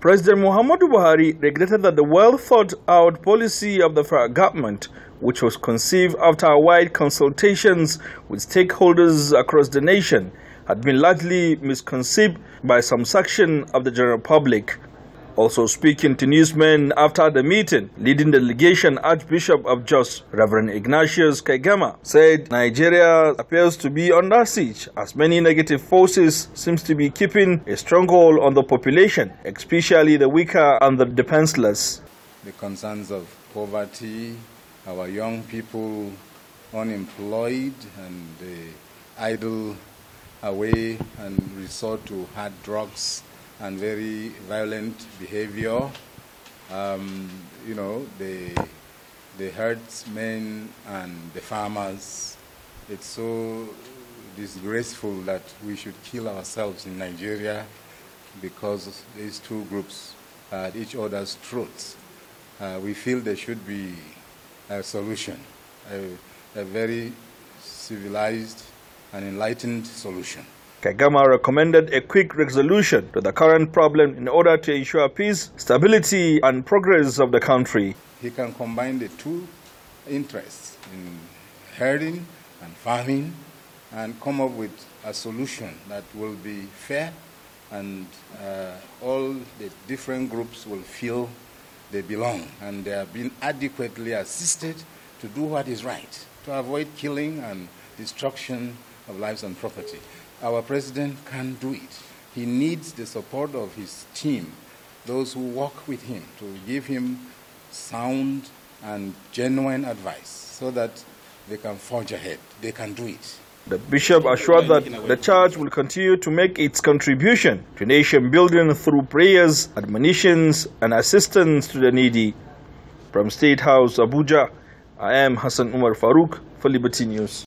President Muhammadu Buhari regretted that the well-thought-out policy of the federal government, which was conceived after wide consultations with stakeholders across the nation, had been largely misconceived by some section of the general public. Also speaking to newsmen after the meeting, leading delegation Archbishop of Jos, Reverend Ignatius Kaigama, said Nigeria appears to be under siege as many negative forces seems to be keeping a stronghold on the population, especially the weaker and the defenseless. The concerns of poverty, our young people unemployed and uh, idle away and resort to hard drugs and very violent behavior. Um, you know, they, they hurt men and the farmers. It's so disgraceful that we should kill ourselves in Nigeria because these two groups are at each other's throats. Uh, we feel there should be a solution, a, a very civilized and enlightened solution. Kagama recommended a quick resolution to the current problem in order to ensure peace, stability and progress of the country. He can combine the two interests in herding and farming and come up with a solution that will be fair and uh, all the different groups will feel they belong and they have been adequately assisted to do what is right, to avoid killing and destruction of lives and property. Our president can do it. He needs the support of his team, those who work with him, to give him sound and genuine advice so that they can forge ahead. They can do it. The bishop assured that the church will continue to make its contribution to nation building through prayers, admonitions, and assistance to the needy. From State House, Abuja, I am Hassan Umar Farouk for Liberty News.